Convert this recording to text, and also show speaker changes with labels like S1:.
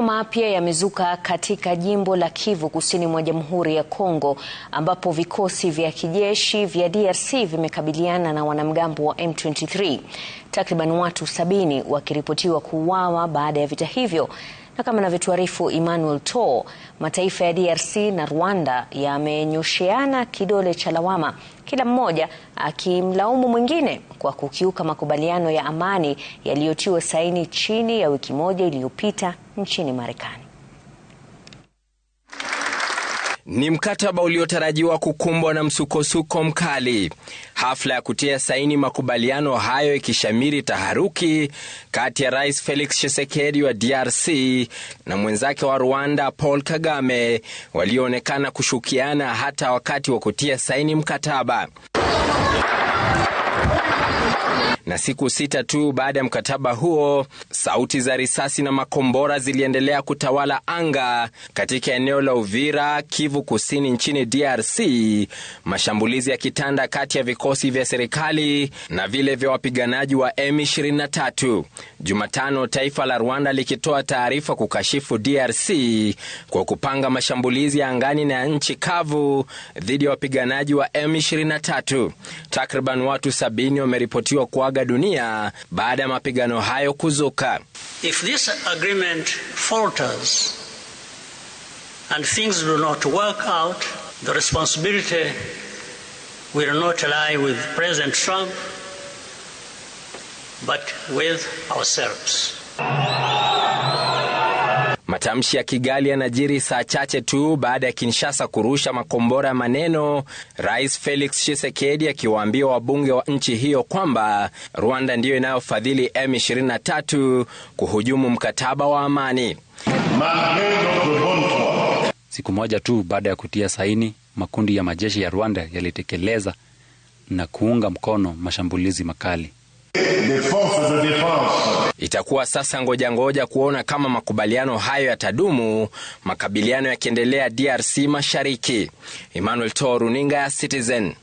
S1: Mapigano mapya yamezuka katika jimbo la Kivu kusini mwa Jamhuri ya Kongo ambapo vikosi vya kijeshi vya DRC vimekabiliana na wanamgambo wa M23. Takriban watu sabini wakiripotiwa kuuawa baada ya vita hivyo. Na kama anavyotuarifu Emmanuel To, mataifa ya DRC na Rwanda yamenyosheana kidole cha lawama, kila mmoja akimlaumu mwingine kwa kukiuka makubaliano ya amani yaliyotiwa saini chini ya wiki moja iliyopita nchini Marekani.
S2: Ni mkataba uliotarajiwa kukumbwa na msukosuko mkali, hafla ya kutia saini makubaliano hayo ikishamiri taharuki kati ya Rais Felix Tshisekedi wa DRC na mwenzake wa Rwanda Paul Kagame, walioonekana kushukiana hata wakati wa kutia saini mkataba na siku sita tu baada ya mkataba huo, sauti za risasi na makombora ziliendelea kutawala anga katika eneo la Uvira, Kivu Kusini nchini DRC, mashambulizi yakitanda kati ya vikosi vya serikali na vile vya wapiganaji wa M23. Jumatano taifa la Rwanda likitoa taarifa kukashifu DRC kwa kupanga mashambulizi ya angani na nchi kavu dhidi ya wapiganaji wa M23. Takriban watu sabini wameripotiwa kuaga kuaga dunia baada ya mapigano hayo kuzuka.
S3: If this agreement falters and things do not work out, the responsibility will not lie with President Trump but with ourselves.
S2: Matamshi ya Kigali yanajiri saa chache tu baada ya Kinshasa kurusha makombora ya maneno, Rais Felix Tshisekedi akiwaambia wabunge wa nchi hiyo kwamba Rwanda ndiyo inayofadhili M23 kuhujumu mkataba wa amani.
S4: Siku moja tu baada ya kutia saini, makundi ya majeshi ya Rwanda yalitekeleza na kuunga mkono mashambulizi makali.
S2: Itakuwa sasa ngoja ngoja kuona kama makubaliano hayo yatadumu, makabiliano yakiendelea DRC Mashariki. Emmanuel Toruninga, runinga ya Citizen.